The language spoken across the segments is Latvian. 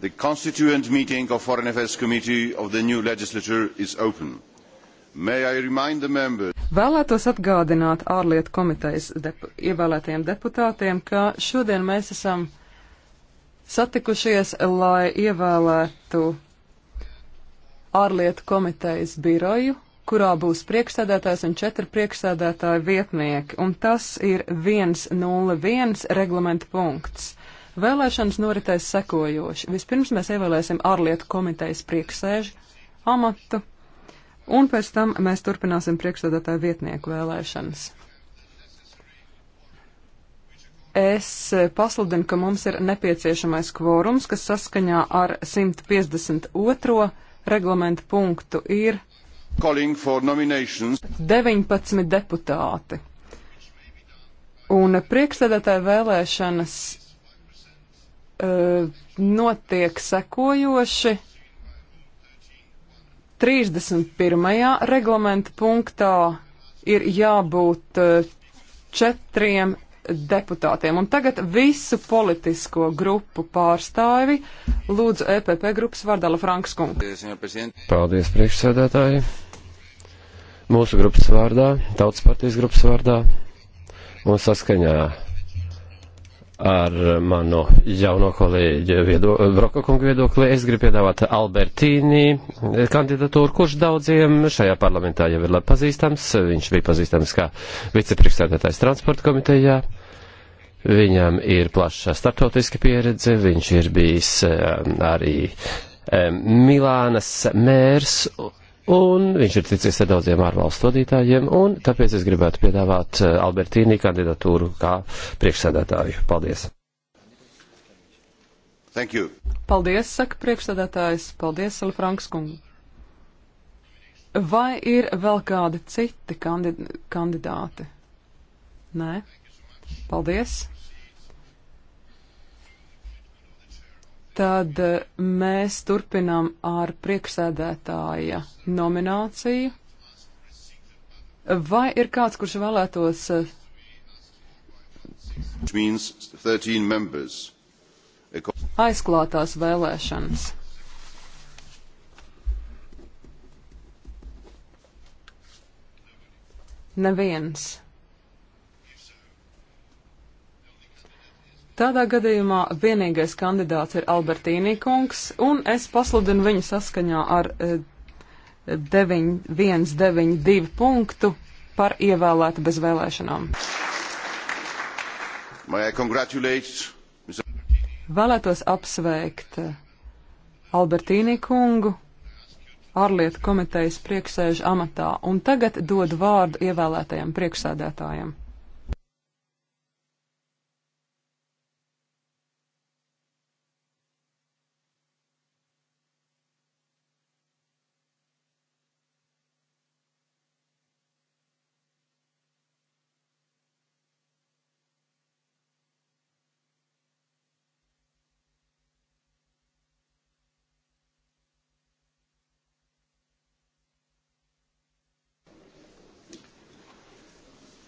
the constituent meeting of the foreign affairs committee of the new legislature is open. may i remind the members Vēlētos atgādināt ārlietu komitejas depu ievēlētajiem deputātiem, ka šodien mēs esam satikušies, lai ievēlētu ārlietu komitejas biroju, kurā būs priekšsēdētājs un četri priekšsēdētāji vietnieki, un tas ir 101 reglamenta punkts. Vēlēšanas noritēs sekojoši. Vispirms mēs ievēlēsim ārlietu komitejas prieksēžu amatu, un pēc tam mēs turpināsim priekšsēdētāju vietnieku vēlēšanas. Es pasludinu, ka mums ir nepieciešamais kvorums, kas saskaņā ar 152. reglamentu punktu ir 19 deputāti. Un priekšsēdētāju vēlēšanas Eh, notiek sekojoši. 31. reglamenta punktā ir jābūt eh, četriem deputātiem. Un tagad visu politisko grupu pārstāvi lūdzu EPP grupas vārdala Franks Kungs. Paldies, priekšsēdētāji. Mūsu grupas vārdā, Tautas partijas grupas vārdā un saskaņā ar manu jauno kolēģi viedo, Brokokungu viedokli. Es gribu piedāvāt Albertīni kandidatūru, kurš daudziem šajā parlamentā jau ir labi pazīstams. Viņš bija pazīstams kā vicepriekšsēdētājs transporta komitejā. Viņam ir plaša startautiska pieredze, viņš ir bijis eh, arī eh, Milānas mērs un viņš ir ticies ar daudziem ārvalstu vadītājiem, un tāpēc es gribētu piedāvāt eh, Albertīnī kandidatūru kā priekšsēdētāju. Paldies! Thank you. Paldies, saka priekšsēdētājs. Paldies, Sala Frankskunga. Vai ir vēl kādi citi kandid kandidāti? Nē. Paldies. tad eh, mēs turpinam ar priekšsēdētāja nomināciju. Vai ir kāds, kurš vēlētos? Eh, Aizklātās vēlēšanas. Neviens. Tādā gadījumā vienīgais kandidāts ir Albertīnī kungs, un es pasludinu viņu saskaņā ar 192 eh, punktu par ievēlētu bez vēlēšanām. Vēlētos apsveikt eh, Albertīnī kungu ārlietu komitejas priekšsēža amatā, un tagad dodu vārdu ievēlētajam priekšsēdētājam.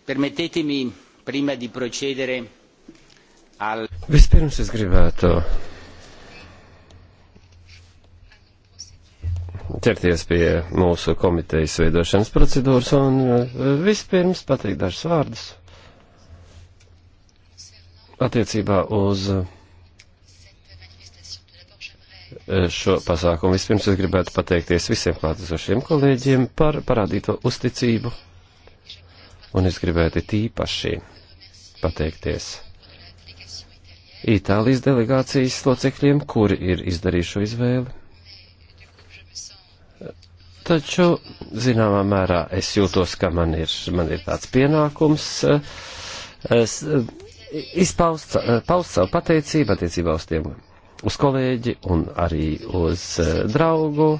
Permettetemi, prima di procedere al... Vispirms es gribētu ķerties pie mūsu komitejas veidošanas procedūras un eh, vispirms pateikt dažus vārdus attiecībā uz eh, šo pasākumu. Vispirms es gribētu pateikties visiem klātesošiem kolēģiem par parādīto uzticību Un es gribētu tīpaši pateikties Itālijas delegācijas locekļiem, kuri ir izdarījuši izvēli. Taču, zināmā mērā, es jūtos, ka man ir, man ir tāds pienākums eh, es, eh, izpaust eh, paust savu pateicību attiecībā uz tiem, uz kolēģi un arī uz draugu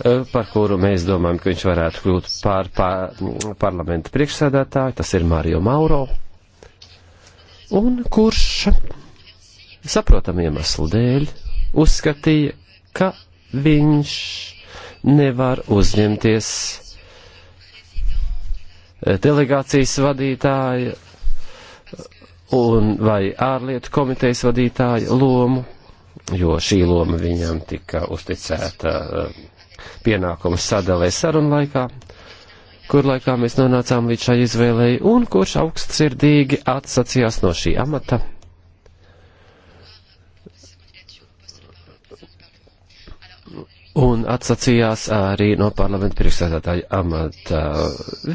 Eh, par kuru mēs domājam, ka viņš varētu kļūt par, par parlamenta priekšsēdētāju, tas ir Mario Mauro, un kurš saprotam iemeslu dēļ uzskatīja, ka viņš nevar uzņemties eh, delegācijas vadītāja un vai ārlietu komitejas vadītāja lomu, jo šī loma viņam tika uzticēta uh, pienākumu sadalē sarunu laikā, kur laikā mēs nonācām līdz šai izvēlēji un kurš augstsirdīgi atsacījās no šī amata. Un atsacījās arī no parlamenta priekšsēdētāja amata.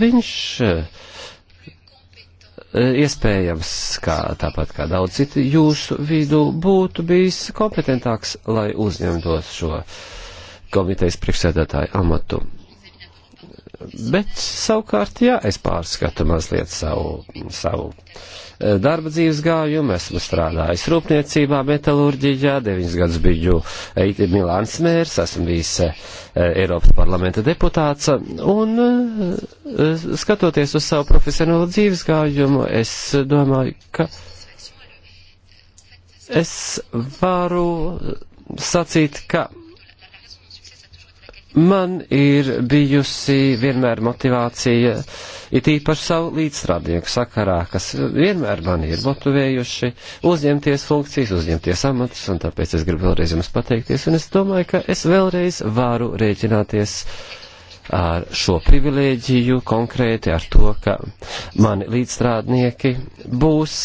Viņš e, iespējams, kā tāpat kā daudz citi, jūsu vidū būtu bijis kompetentāks, lai uzņemtos šo uh, komitejas priekšsēdētāju amatu. Bet savukārt, jā, es pārskatu mazliet savu, savu eh, darba dzīves gājumu, esmu strādājis rūpniecībā, metalurģijā, deviņas gadus biju eh, Milāns mērs, esmu bijis eh, Eiropas parlamenta deputāts, un skatoties uz savu profesionālo dzīves gājumu, es domāju, ka es varu sacīt, ka Man ir bijusi vienmēr motivācija, it īpaši savu līdzstrādnieku sakarā, kas vienmēr mani ir motivējuši uzņemties funkcijas, uzņemties amatus, un tāpēc es gribu vēlreiz jums pateikties, un es domāju, ka es vēlreiz varu rēķināties ar šo privilēģiju, konkrēti ar to, ka mani līdzstrādnieki būs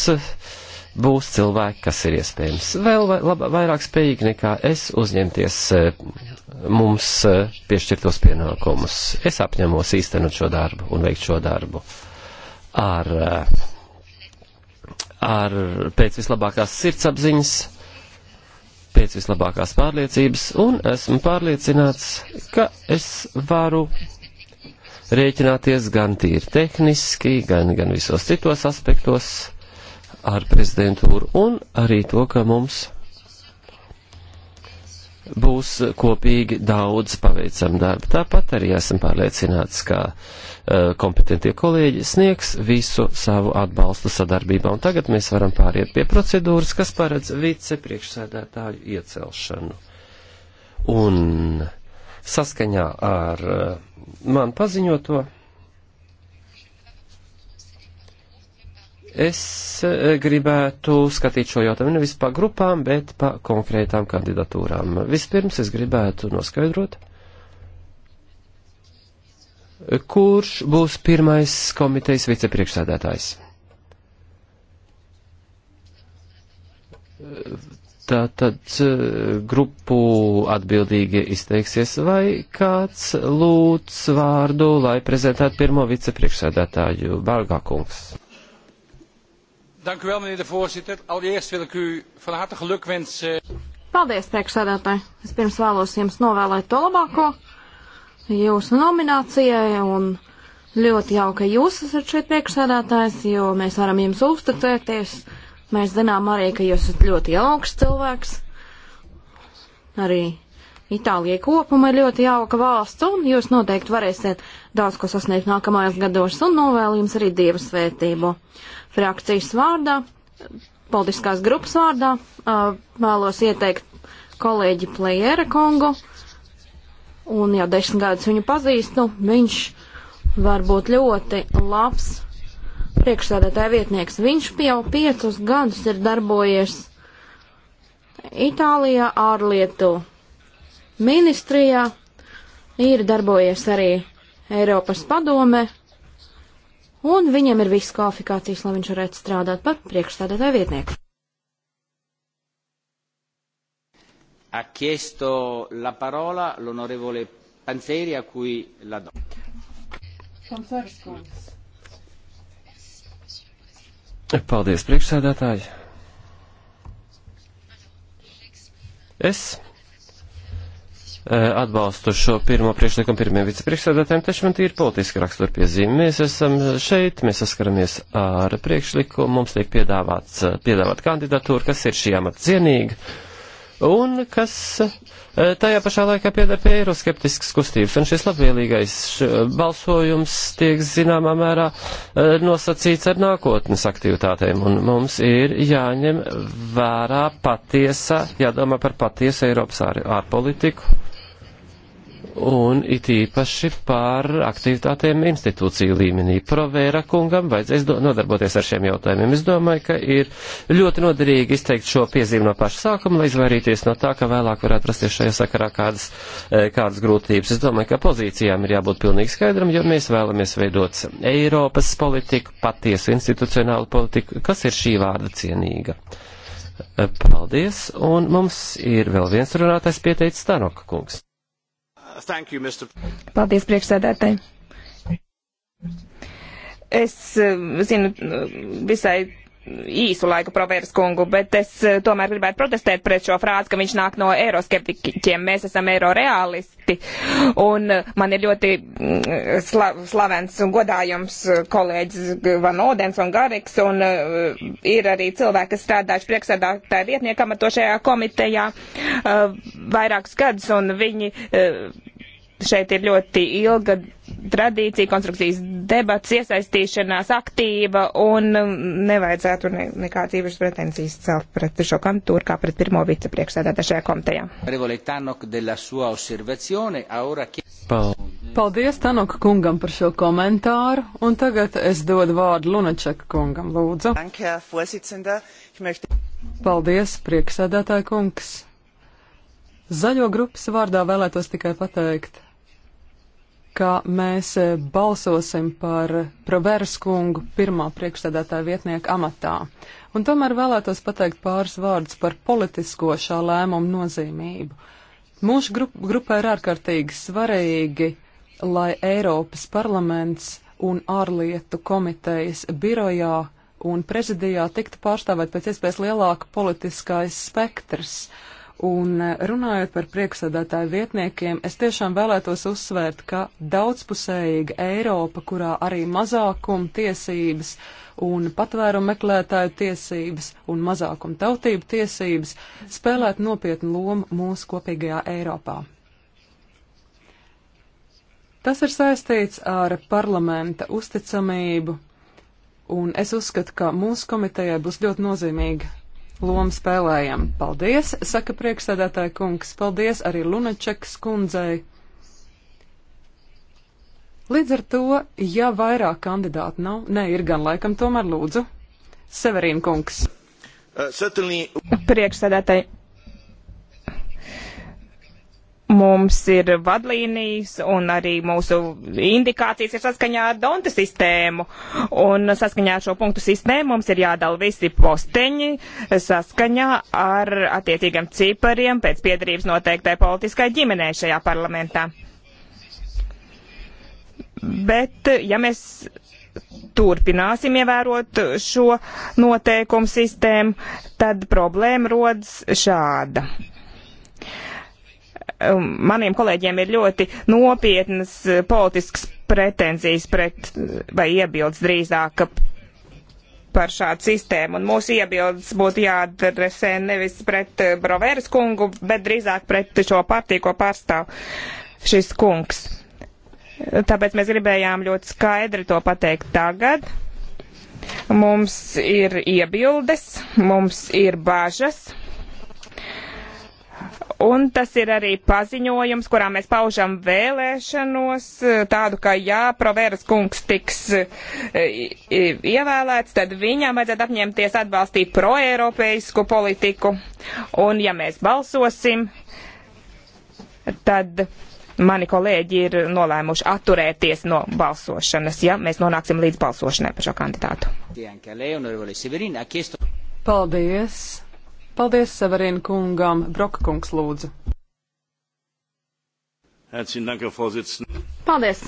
būs cilvēki, kas ir iespējams vēl laba, vairāk spējīgi nekā es uzņemties eh, mums eh, piešķirtos pienākumus. Es apņemos īstenot šo darbu un veikt šo darbu ar, eh, ar pēc vislabākās sirdsapziņas, pēc vislabākās pārliecības, un esmu pārliecināts, ka es varu rēķināties gan tīri tehniski, gan, gan visos citos aspektos ar prezidentūru un arī to, ka mums būs kopīgi daudz paveicam darbu. Tāpat arī esam pārliecināts, ka uh, kompetentie kolēģi sniegs visu savu atbalstu sadarbībā. Un tagad mēs varam pāriet pie procedūras, kas paredz vicepriekšsēdētāju iecelšanu. Un saskaņā ar uh, man paziņoto. Es eh, gribētu skatīt šo jautājumu nevis pa grupām, bet pa konkrētām kandidatūrām. Vispirms es gribētu noskaidrot, kurš būs pirmais komitejas vicepriekšsēdētājs. Tātad eh, grupu atbildīgi izteiksies, vai kāds lūdz vārdu, lai prezentētu pirmo vicepriekšsēdētāju Bārgākungs. Dank u wel, meneer de voorzitter. Allereerst wil ik u van harte gelukwensen. Paldies, priekšsēdētāji. Es pirms vēlos jums novēlēt to labāko jūsu nominācijai un ļoti jauka jūs esat šeit priekšsēdētājs, jo mēs varam jums uzticēties. Mēs zinām arī, ka jūs esat ļoti jauks cilvēks. Arī Itālijai kopumā ir ļoti jauka valsts, un jūs noteikti varēsiet daudz ko sasniegt nākamajos gados un novēlu jums arī dievu svētību. Frakcijas vārdā, politiskās grupas vārdā vēlos ieteikt kolēģi Plejera Kongu un jau desmit gadus viņu pazīstu. Viņš var būt ļoti labs priekšsēdētāja vietnieks. Viņš jau piecus gadus ir darbojies Itālijā ārlietu ministrijā ir darbojies arī Eiropas padome, un viņam ir viss kvalifikācijas, lai viņš varētu strādāt par priekšstādātāju vietnieku. Ha chiesto la parola l'onorevole Panzeri, a cui la do. Paldies, priekšsēdētāji! Es Eh, atbalstu šo pirmo priekšlikumu pirmiem vicepriekšsēdētājiem, taču man ir politiska rakstura piezīme. Mēs esam šeit, mēs saskaramies ar priekšlikumu, mums tiek piedāvāts, eh, piedāvāt kandidatūru, kas ir šī amata cienīga un kas eh, tajā pašā laikā piedara pie eiroskeptiskas kustības. Un šis labvēlīgais balsojums tiek zināmā mērā nosacīts ar nākotnes aktivitātēm, un mums ir jāņem vērā patiesa, jādomā par patiesu Eiropas ārpolitiku. Ār un it īpaši par aktivitātēm institūciju līmenī. Provēra kungam vajadzēs nodarboties ar šiem jautājumiem. Es domāju, ka ir ļoti noderīgi izteikt šo piezīmu no paša sākuma, lai izvairīties no tā, ka vēlāk varētu rasties šajā sakarā kādas, eh, kādas grūtības. Es domāju, ka pozīcijām ir jābūt pilnīgi skaidram, jo mēs vēlamies veidot Eiropas politiku, patiesu institucionālu politiku, kas ir šī vārda cienīga. Eh, paldies, un mums ir vēl viens runātais pieteicis Stanoka kungs. You, Paldies, priekšsēdētāji. Es eh, zinu eh, visai īsu laiku provērs kungu, bet es eh, tomēr gribētu protestēt pret šo frāzi, ka viņš nāk no eiroskeptiķiem. Mēs esam eiro realisti, un eh, man ir ļoti mm, sla slavens un godājums eh, kolēģis Van Odens un Gariks, un ir arī cilvēki, kas strādājuši priekšsēdātāju vietniekam ar to šajā komitejā vairākus gadus, un viņi šeit ir ļoti ilga tradīcija, konstrukcijas debats, iesaistīšanās aktīva un um, nevajadzētu ne, nekāds īpašs pretensijas celt pret šo kantūru kā pret pirmo vicepriekšsēdētāju šajā komitejā. Paldies Tanoka kungam par šo komentāru, un tagad es dodu vārdu Lunačeka kungam, lūdzu. Paldies, prieksēdētāja kungs. Zaļo grupas vārdā vēlētos tikai pateikt, ka mēs e, balsosim par Proveras kungu pirmā priekšsēdētāja vietnieka amatā. Un tomēr vēlētos pateikt pāris vārdus par politisko šā lēmuma nozīmību. Mūsu grup, grupai ir ārkārtīgi svarīgi, lai Eiropas parlaments un ārlietu komitejas birojā un prezidijā tiktu pārstāvēt pēc iespējas lielāka politiskais spektrs. Uh, Un eh, runājot par priekšsēdētāju vietniekiem, es tiešām vēlētos uzsvērt, ka daudzpusējīga Eiropa, kurā arī mazākuma tiesības un patvērumu meklētāju tiesības un mazākuma tautību tiesības spēlēt nopietnu lomu mūsu kopīgajā Eiropā. Tas ir saistīts ar parlamenta uzticamību, un es uzskatu, ka mūsu komitejai būs ļoti nozīmīga lomu spēlējam. Paldies, saka priekšsēdētāja kungs, paldies arī Lunačekas kundzei. Līdz ar to, ja vairāk kandidātu nav, ne, ir gan laikam tomēr lūdzu. Severīna kungs. Uh, certainly... Priekšsēdētāji, mums ir vadlīnijas un arī mūsu indikācijas ir saskaņā ar Donta sistēmu. Un saskaņā ar šo punktu sistēmu mums ir jādala visi posteņi saskaņā ar attiecīgiem cipariem pēc piedarības noteiktai politiskai ģimenei šajā parlamentā. Bet, ja mēs turpināsim ievērot šo noteikumu sistēmu, tad problēma rodas šāda Um, maniem kolēģiem ir ļoti nopietnas uh, politiskas pretenzijas pret, uh, vai iebildes drīzāk par šādu sistēmu, un mūsu iebildes būtu jāadresē nevis pret uh, Broveres kungu, bet drīzāk pret šo partiju, ko pārstāv šis kungs. Tāpēc mēs gribējām ļoti skaidri to pateikt tagad. Mums ir iebildes, mums ir bažas, Un tas ir arī paziņojums, kurā mēs paužam vēlēšanos, tādu, ka ja Proveras kungs tiks e, ievēlēts, tad viņam vajadzētu apņemties atbalstīt proeiropeisku politiku. Un ja mēs balsosim, tad mani kolēģi ir nolēmuši atturēties no balsošanas, ja mēs nonāksim līdz balsošanai par šo kandidātu. Paldies! Paldies Severīna kungam. Broka kungs lūdzu. Paldies!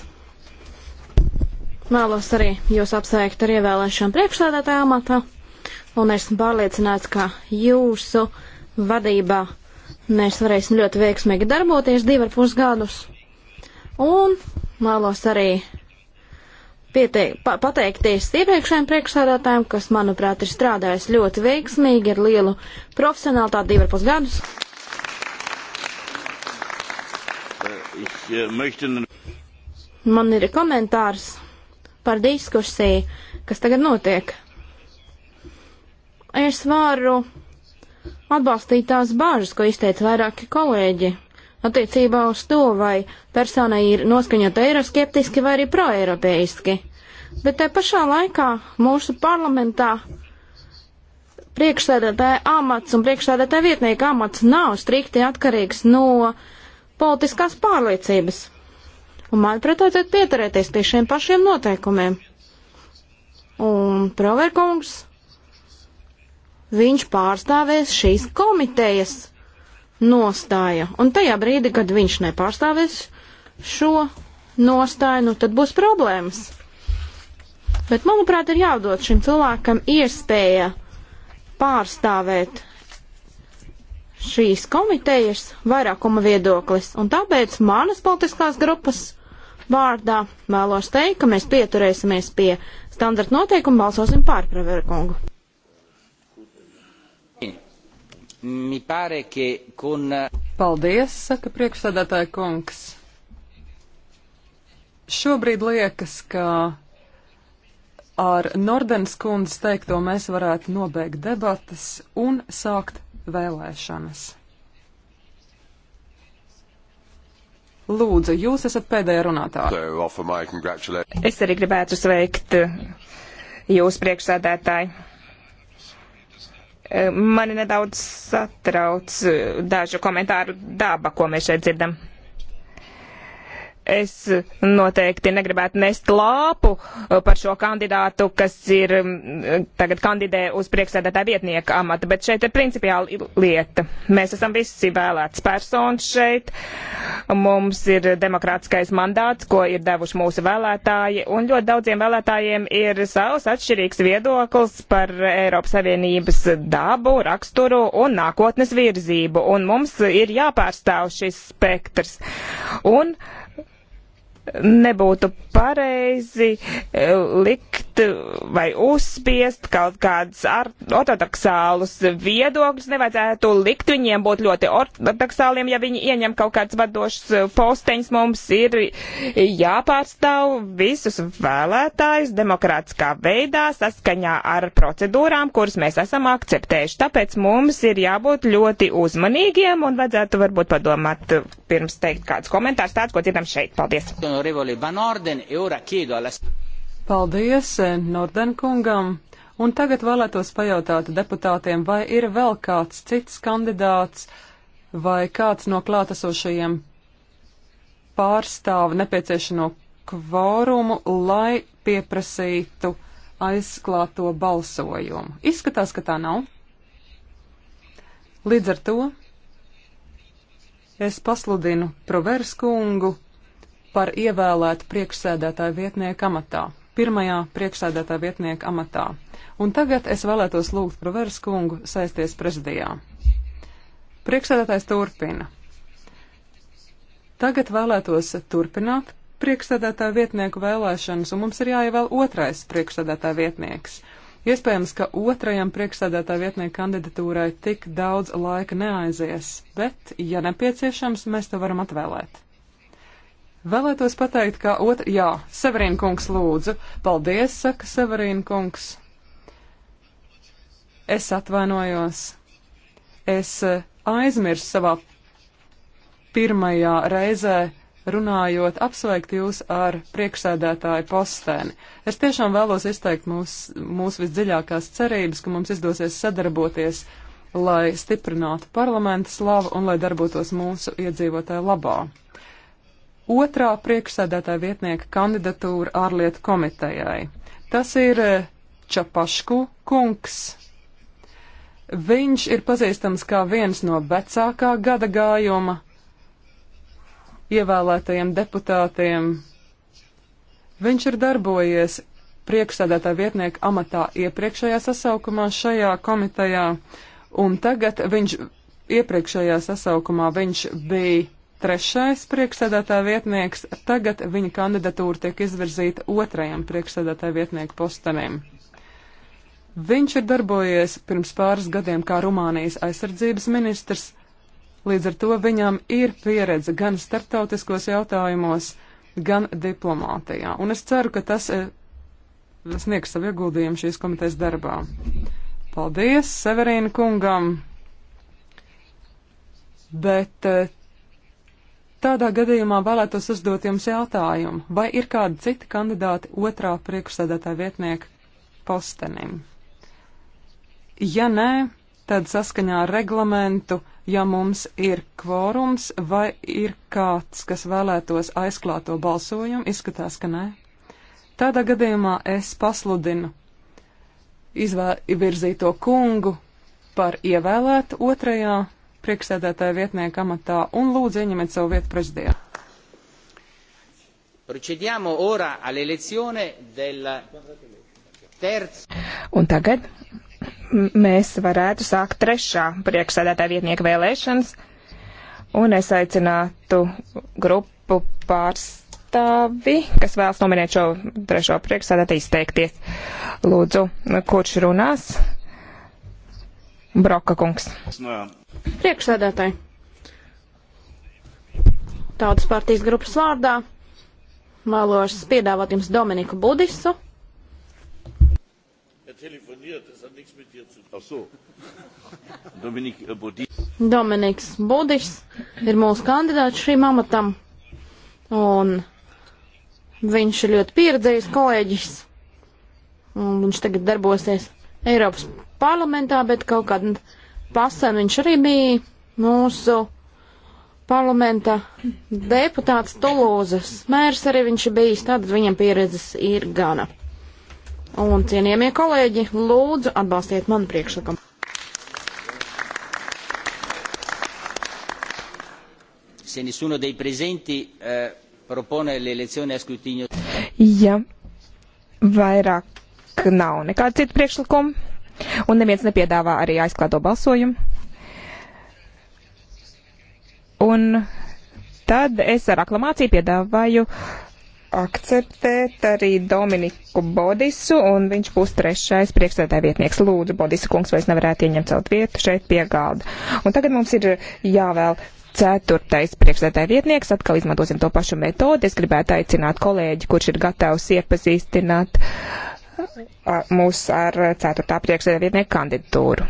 Vēlos arī jūs apsveikt ar ievēlēšanu priekšsēdētāju amatā, un esmu pārliecināts, ka jūsu vadībā mēs varēsim ļoti veiksmīgi darboties divi ar pus gadus. Un vēlos arī pieteik, pa, pateikties iepriekšējiem priekšsādātājiem, kas, manuprāt, ir strādājis ļoti veiksmīgi ar lielu profesionālitāti divi ar pus gadus. Man ir komentārs par diskusiju, kas tagad notiek. Es varu atbalstīt tās bāžas, ko izteica vairāki kolēģi attiecībā uz to, vai persona ir noskaņota eiroskeptiski vai arī proeiropeiski. Bet te pašā laikā mūsu parlamentā priekšsēdētāja amats un priekšsēdētāja vietnieka amats nav strikti atkarīgs no politiskās pārliecības. Un, manuprāt, vajadzētu pieturēties pie šiem pašiem noteikumiem. Un proverkungs, viņš pārstāvēs šīs komitejas nostāja. Un tajā brīdī, kad viņš nepārstāvēs šo nostāju, nu tad būs problēmas. Bet, manuprāt, ir jādod šim cilvēkam iespēja pārstāvēt šīs komitejas vairākuma viedoklis. Un tāpēc manas politiskās grupas vārdā vēlos teikt, ka mēs pieturēsimies pie standarta noteikuma balsosim pār Preveru kungu. mi pare che con. Paldies, saka priekšsēdētāja kungs. Šobrīd liekas, ka ar Nordens kundzes teikto mēs varētu nobeigt debatas un sākt vēlēšanas. Lūdzu, jūs esat pēdējā runātāja. Es arī gribētu sveikt uh, jūs priekšsēdētāju mani nedaudz satrauc eh, dažu komentāru daba, ko mēs šeit dzirdam es noteikti negribētu nest lāpu uh, par šo kandidātu, kas ir mm, tagad kandidē uz priekšsēdētāja vietnieka amata, bet šeit ir principiāla lieta. Mēs esam visi vēlēts personas šeit, mums ir demokrātiskais mandāts, ko ir devuši mūsu vēlētāji, un ļoti daudziem vēlētājiem ir savs atšķirīgs viedoklis par Eiropas Savienības dabu, raksturu un nākotnes virzību, un mums ir jāpārstāv šis spektrs. Un, uh, nebūtu pareizi eh, likt vai uzspiest kaut kādus ortodoksālus viedokļus, nevajadzētu likt viņiem būt ļoti ortodoksāliem, ja viņi ieņem kaut kādus vadošus uh, posteņus. Mums ir jāpārstāv visus vēlētājus demokrātiskā veidā, saskaņā ar procedūrām, kuras mēs esam akceptējuši. Tāpēc mums ir jābūt ļoti uzmanīgiem un vajadzētu varbūt padomāt uh, pirms teikt kāds komentārs tāds, ko dzirdam šeit. Paldies! Paldies eh, Nordenkungam! Un tagad vēlētos pajautāt deputātiem, vai ir vēl kāds cits kandidāts vai kāds no klātesošajiem pārstāv nepieciešamo kvorumu, lai pieprasītu aizklāto balsojumu. Izskatās, ka tā nav. Līdz ar to es pasludinu Proverskungu par ievēlētu priekšsēdētāju vietnieku amatā pirmajā priekšsēdētā vietnieka amatā. Un tagad es vēlētos lūgt Proveras kungu saisties prezidijā. Priekšsēdētājs turpina. Tagad vēlētos turpināt priekšsēdētāja vietnieku vēlēšanas, un mums ir jāievēl otrais priekšsēdētāja vietnieks. Iespējams, ka otrajam priekšsēdētāja vietnieku kandidatūrai tik daudz laika neaizies, bet, ja nepieciešams, mēs to varam atvēlēt. Vēlētos pateikt, ka otra, jā, Severīna kungs lūdzu. Paldies, saka Severīna kungs. Es atvainojos. Es eh, aizmirsu savā pirmajā reizē runājot, apsveikt jūs ar priekšsēdētāju postēni. Es tiešām vēlos izteikt mūsu mūs visdziļākās cerības, ka mums izdosies sadarboties, lai stiprinātu parlamenta slavu un lai darbotos mūsu iedzīvotāju labā otrā priekšsēdētāja vietnieka kandidatūra ārlietu komitejai. Tas ir eh, Čapašku kungs. Viņš ir pazīstams kā viens no vecākā gada gājuma ievēlētajiem deputātiem. Viņš ir darbojies priekšsēdētāja vietnieka amatā iepriekšējā sasaukumā šajā komitejā, un tagad viņš iepriekšējā sasaukumā viņš bija Trešais priekšsēdētāja vietnieks, tagad viņa kandidatūra tiek izvirzīta otrajam priekšsēdētāja vietnieku postenim. Viņš ir darbojies pirms pāris gadiem kā Rumānijas aizsardzības ministrs, līdz ar to viņam ir pieredze gan starptautiskos jautājumos, gan diplomātijā. Un es ceru, ka tas eh, sniegs savu ieguldījumu šīs komitejas darbā. Paldies Severīna kungam! Bet eh, Tādā gadījumā vēlētos uzdot jums jautājumu, vai ir kādi citi kandidāti otrā priekšsēdētāja vietnieka postenim? Ja nē, tad saskaņā ar reglamentu, ja mums ir kvorums vai ir kāds, kas vēlētos aizklāto balsojumu, izskatās, ka nē. Tādā gadījumā es pasludinu izvirzīto kungu par ievēlētu otrajā priekšsēdētāja vietnieka amatā un lūdzu ieņemiet savu vietu prezidijā. Procediamo ora all'elezione del terzo. Un tagad mēs varētu sākt trešā priekšsēdētāja vietnieka vēlēšanas, un es aicinātu grupu pārstāvi, kas vēlas nominēt šo trešo priekšsēdētāju, izteikties. Lūdzu, kurš runās? Broka kungs. No. Priekšsēdētāji. Tautas partijas grupas vārdā vēlos piedāvāt jums Dominiku Budisu. Er äh, Dominiks Budis ir mūsu kandidāts šīm amatam, un viņš ir ļoti pieredzējis kolēģis, un viņš tagad darbosies Eiropas parlamentā, bet kaut kādā pasen, viņš arī bija mūsu parlamenta deputāts Tulūzas. Mērs arī viņš ir bijis, tad viņam pieredzes ir gana. Un cienījamie kolēģi, lūdzu atbalstiet manu priekšlikumu. Se nessuno dei presenti eh, propone l'elezione a scrutinio. Ja vairāk nav nekāda cita priekšlikuma, Un neviens nepiedāvā arī aizklāto balsojumu. Un tad es ar aklamāciju piedāvāju akceptēt arī Dominiku Bodisu, un viņš būs trešais priekšsēdētāja vietnieks. Lūdzu, Bodisa kungs, vai es nevarētu ieņemt savu vietu šeit pie galda. Un tagad mums ir jāvēl ceturtais priekšsēdētāja vietnieks. Atkal izmantosim to pašu metodi. Es gribētu aicināt kolēģi, kurš ir gatavs iepazīstināt. Uh, mūs ar 4. priekšsēdētnieku kandidatūru.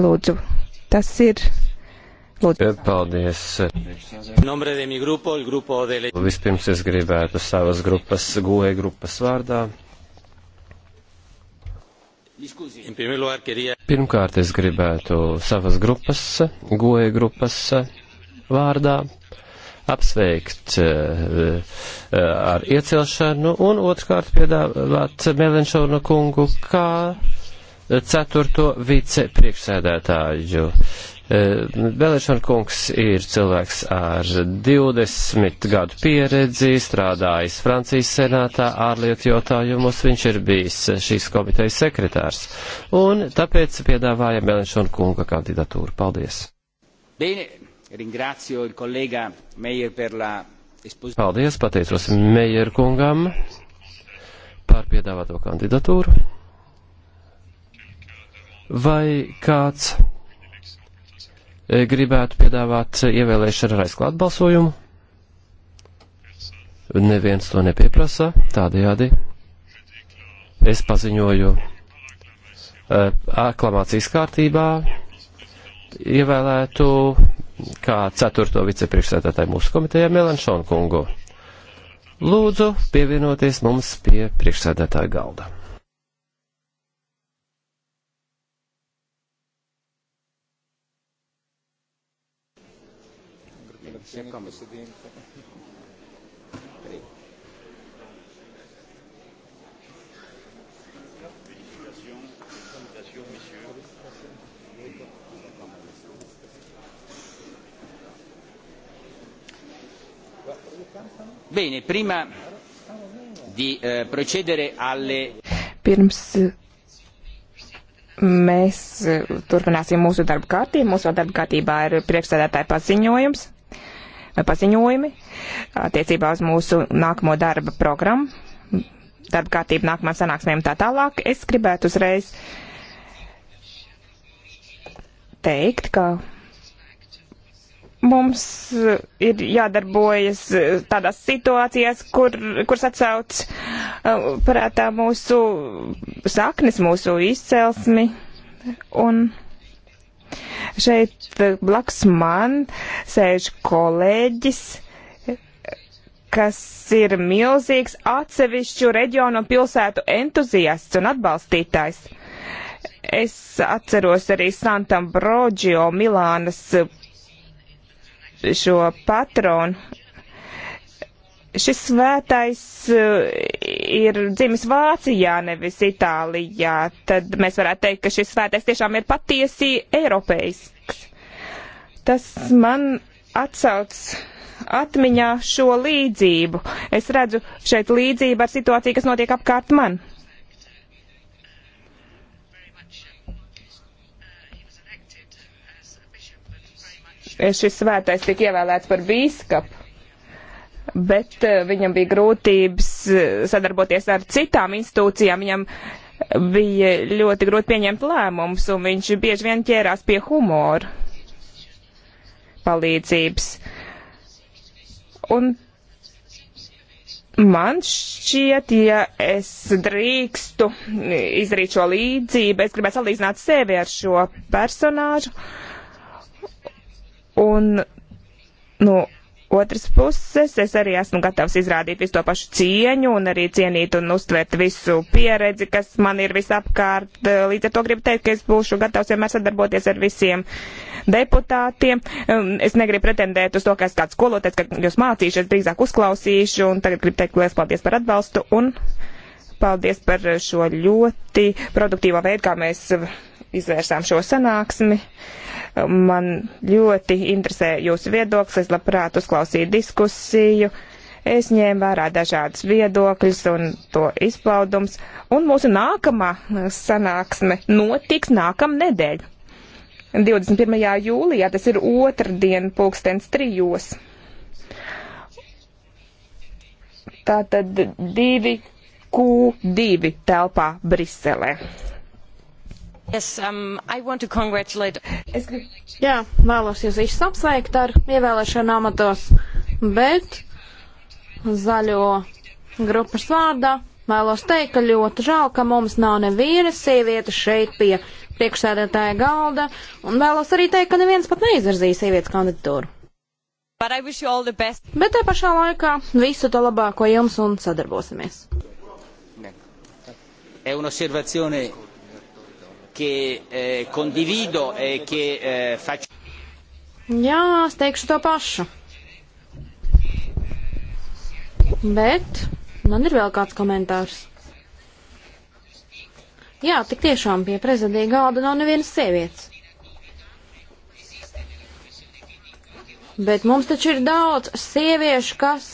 Lūdzu, tas ir. Lūdzu. Paldies. Grupo, grupo de... Vispirms es gribētu savas grupas, goja e grupas vārdā. Pirmkārt, es gribētu savas grupas, goja e grupas vārdā apsveikt eh, eh, ar iecelšanu un otrkārt piedāvāt Melenšonu kungu kā ceturto vicepriekšsēdētāju. Belešana eh, kungs ir cilvēks ar 20 gadu pieredzi, strādājis Francijas senātā ārlietu jautājumos, viņš ir bijis šīs komitejas sekretārs. Un tāpēc piedāvājam Belešana kunga kandidatūru. Paldies! Bene. Ringrazio il collega Meijer per la esposizione. Paldies, pateicos Meijer kungam par piedāvāto kandidatūru. Vai kāds eh, gribētu piedāvāt ievēlēšanu ar aizklāt balsojumu? Neviens to nepieprasa, tādējādi es paziņoju eh, aklamācijas kārtībā ievēlētu kā ceturto vicepriekšsēdētāju mūsu komitejā Melanšonu kungu. Lūdzu, pievienoties mums pie priekšsēdētāja galda. Sim, como. Bene, prima di eh, procedere alle. Pirms eh, mēs eh, turpināsim mūsu darbu kārtību. Mūsu darbu kārtībā ir priekšsēdētāja paziņojums vai eh, paziņojumi attiecībā uz mūsu nākamo darba programmu, darba kārtību nākamā sanāksmēm tā tālāk. Es gribētu uzreiz teikt, ka mums eh, ir jādarbojas eh, tādās situācijās, kur, kuras atsauc eh, parātā mūsu saknes, mūsu izcelsmi. Un šeit blakus man sēž kolēģis kas ir milzīgs atsevišķu reģionu un pilsētu entuziasts un atbalstītājs. Es atceros arī Santam Brogio Milānas šo patronu šis svētais eh, ir dzimis Vācijā, nevis Itālijā, tad mēs varētu teikt, ka šis svētais tiešām ir patiesi eiropeisks. Tas man atsauc atmiņā šo līdzību. Es redzu šeit līdzību ar situāciju, kas notiek apkārt man. Eh, šis svētais tika ievēlēts par bīskapu, bet eh, viņam bija grūtības eh, sadarboties ar citām institūcijām. Viņam bija ļoti grūti pieņemt lēmumus, un viņš bieži vien ķērās pie humora palīdzības. Un man šķiet, ja es drīkstu izdarīt šo līdzību, es gribētu salīdzināt sevi ar šo personāžu. Uh, Un no nu, otras puses es arī esmu gatavs izrādīt visu to pašu cieņu un arī cienīt un uztvērt visu pieredzi, kas man ir visapkārt. Līdz ar to gribu teikt, ka es būšu gatavs vienmēr sadarboties ar visiem deputātiem. Um, es negribu pretendēt uz to, ka es kāds skolotājs, ka jūs mācīšu, es drīzāk uzklausīšu un tagad gribu teikt liels paldies par atbalstu un paldies par šo ļoti produktīvo veidu, kā mēs izvērsām šo sanāksmi. Man ļoti interesē jūsu viedoklis, es labprāt uzklausīju diskusiju. Es ņēmu vērā dažādas viedokļas un to izpaudums, un mūsu nākamā sanāksme notiks nākamnedēļ. 21. jūlijā, tas ir otrdien, pulkstens trijos. Tātad divi Q2 telpā Briselē. Yes, um, es gribu, jā, vēlos jūs visus apsveikt ar ievēlēšanu amatos, bet zaļo grupas vārdā vēlos teikt, ka ļoti žēl, ka mums nav neviena sieviete šeit pie priekšsēdētāja galda, un vēlos arī teikt, ka neviens pat neizvirzīja sievietes kandidatūru. Bet te pašā laikā visu to labāko jums un sadarbosimies. Ne che eh, condivido e che eh, faccio. Jā, es teikšu to pašu. Bet man ir vēl kāds komentārs. Jā, tik tiešām pie prezidija galda nav nevienas sievietes. Bet mums taču ir daudz sieviešu, kas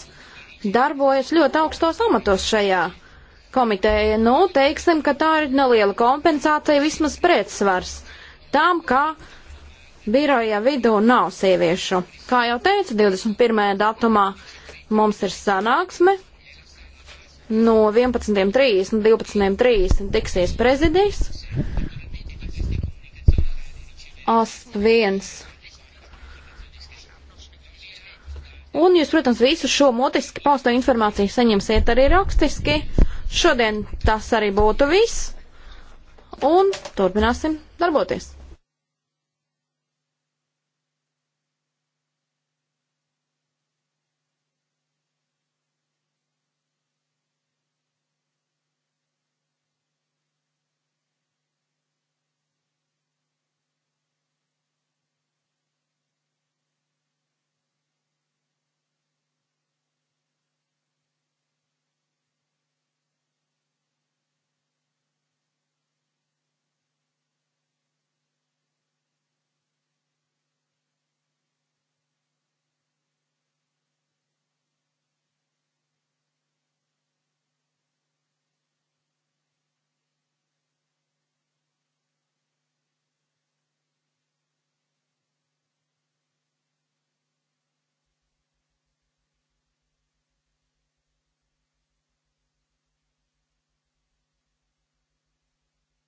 darbojas ļoti augstos amatos šajā komiteja. Nu, teiksim, ka tā ir neliela kompensācija, vismaz pretsvars tam, ka biroja vidū nav sieviešu. Kā jau teicu, 21. datumā mums ir sanāksme. No 11.30 un 12.30 tiksies prezidijs. Ast viens. Un jūs, protams, visu šo motiski pausto informāciju saņemsiet arī rakstiski. Šodien tas arī būtu viss. Un turpināsim darboties.